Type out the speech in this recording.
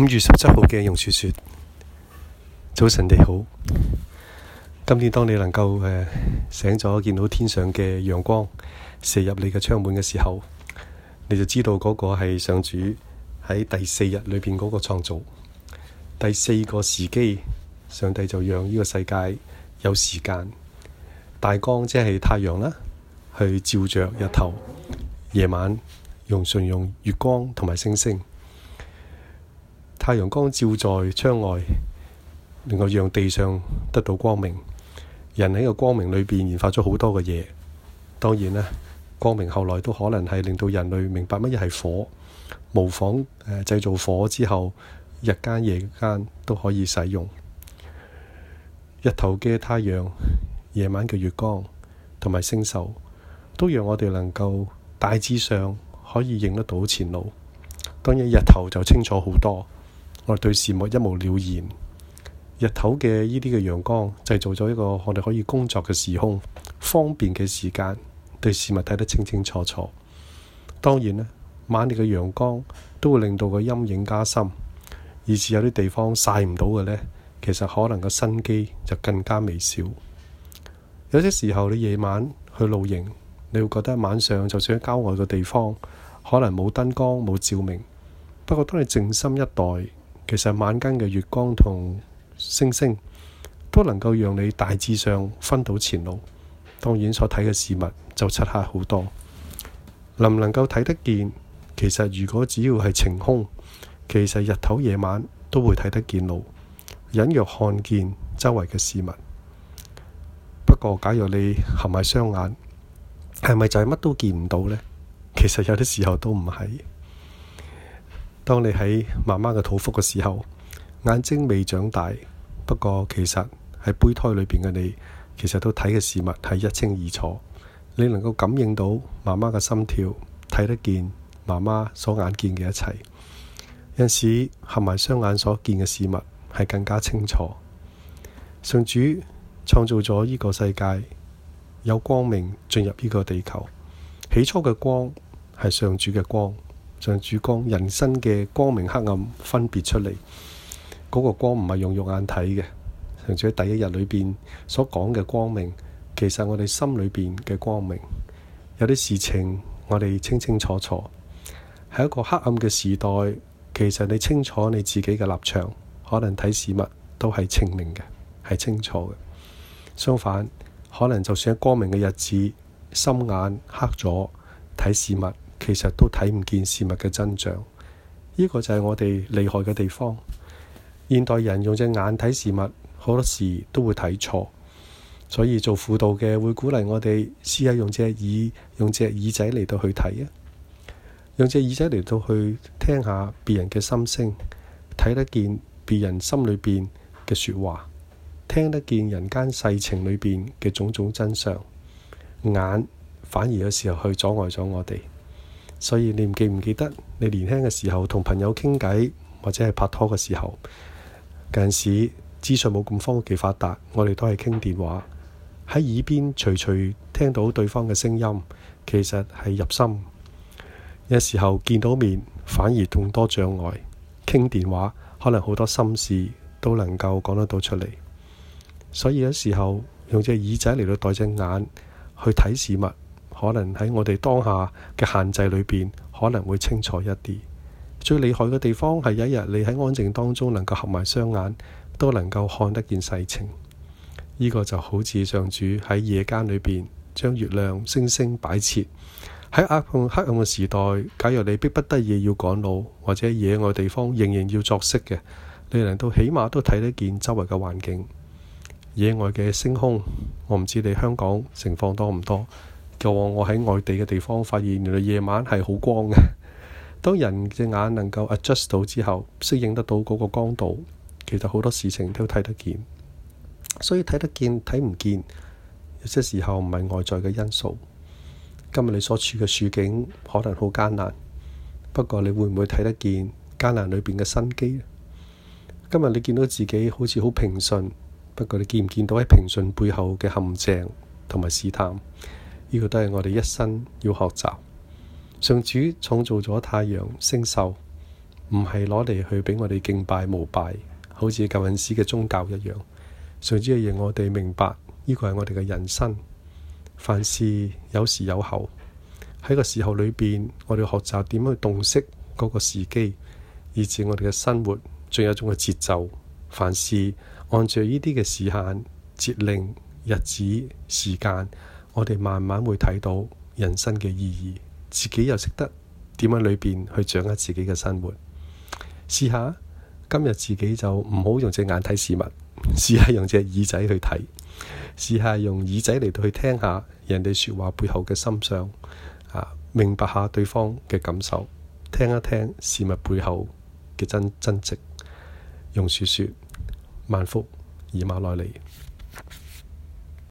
五月十七號嘅容雪雪，早晨你好。今天當你能夠誒、呃、醒咗，見到天上嘅陽光射入你嘅窗門嘅時候，你就知道嗰個係上主喺第四日裏邊嗰個創造。第四個時機，上帝就讓呢個世界有時間大光，即係太陽啦，去照着日頭；夜晚用純用月光同埋星星。太陽光照在窗外，能夠讓地上得到光明。人喺個光明裏邊研發咗好多嘅嘢，當然啦，光明後來都可能係令到人類明白乜嘢係火，模仿誒製造火之後，日間夜間都可以使用。日頭嘅太陽、夜晚嘅月光同埋星宿，都讓我哋能夠大致上可以認得到前路。當然，日頭就清楚好多。我哋對事物一目了然。日頭嘅呢啲嘅陽光製造咗一個我哋可以工作嘅時空，方便嘅時間，對事物睇得清清楚楚。當然咧，晚夜嘅陽光都會令到個陰影加深，而至有啲地方曬唔到嘅呢，其實可能個生機就更加微小。有啲時候你夜晚去露營，你會覺得晚上就算喺郊外嘅地方，可能冇燈光冇照明。不過當你靜心一待，其實晚間嘅月光同星星都能夠讓你大致上分到前路，當然所睇嘅事物就漆黑好多。能唔能夠睇得見？其實如果只要係晴空，其實日頭夜晚都會睇得見路，隱約看見周圍嘅事物。不過假如你合埋雙眼，係咪就係乜都見唔到呢？其實有啲時候都唔係。當你喺媽媽嘅肚腹嘅時候，眼睛未長大，不過其實喺胚胎裏邊嘅你，其實都睇嘅事物係一清二楚。你能夠感應到媽媽嘅心跳，睇得見媽媽所眼見嘅一切。有陣時合埋雙眼所見嘅事物係更加清楚。上主創造咗呢個世界，有光明進入呢個地球。起初嘅光係上主嘅光。像主光，人生嘅光明黑暗分別出嚟，嗰個光唔係用肉眼睇嘅。甚至第一日裏邊所講嘅光明，其實我哋心裏邊嘅光明，有啲事情我哋清清楚楚。喺一個黑暗嘅時代，其實你清楚你自己嘅立場，可能睇事物都係清明嘅，係清楚嘅。相反，可能就算喺光明嘅日子，心眼黑咗，睇事物。其實都睇唔見事物嘅真相，呢個就係我哋厲害嘅地方。現代人用隻眼睇事物，好多時都會睇錯，所以做輔導嘅會鼓勵我哋試下用隻耳，用隻耳仔嚟到去睇啊，用隻耳仔嚟到去聽下別人嘅心聲，睇得見別人心裏邊嘅說話，聽得見人間世情裏邊嘅種種真相。眼反而有時候去阻礙咗我哋。所以你唔記唔記得，你年輕嘅時候同朋友傾偈，或者係拍拖嘅時候，嗰陣時資訊冇咁科技發達，我哋都係傾電話，喺耳邊隨隨聽到對方嘅聲音，其實，係入心。有時候見到面反而仲多障礙，傾電話可能好多心事都能夠講得到出嚟。所以有時候用隻耳仔嚟到代隻眼去睇事物。可能喺我哋當下嘅限制裏邊，可能會清楚一啲。最厲害嘅地方係有一日，你喺安靜當中能夠合埋雙眼，都能夠看得見世情。呢個就好似上主喺夜間裏邊將月亮星星擺設喺暗黑暗嘅時代。假如你迫不得已要趕路，或者野外地方仍然要作息嘅，你能到起碼都睇得見周圍嘅環境。野外嘅星空，我唔知你香港情況多唔多。過往我喺外地嘅地方，發現原來夜晚係好光嘅。 當人隻眼能夠 adjust 到之後，適應得到嗰個光度，其實好多事情都睇得見。所以睇得見睇唔見，有些時候唔係外在嘅因素。今日你所處嘅處境可能好艱難，不過你會唔會睇得見艱難裏邊嘅生機？今日你見到自己好似好平順，不過你見唔見到喺平順背後嘅陷阱同埋試探？呢個都係我哋一生要學習。上主創造咗太陽星宿，唔係攞嚟去俾我哋敬拜膜拜，好似舊陣時嘅宗教一樣。上主要讓我哋明白，呢個係我哋嘅人生。凡事有時有候，喺個時候裏邊，我哋學習點樣去洞悉嗰個時機，以至我哋嘅生活仲有一種嘅節奏。凡事按照呢啲嘅時限、節令、日子、時間。我哋慢慢會睇到人生嘅意義，自己又識得點樣裏邊去掌握自己嘅生活。試下今日自己就唔好用隻眼睇事物，試下用隻耳仔去睇，試下用耳仔嚟到去聽下人哋說話背後嘅心想，啊，明白下對方嘅感受，聽一聽事物背後嘅真真值。用說說，萬福以馬內利。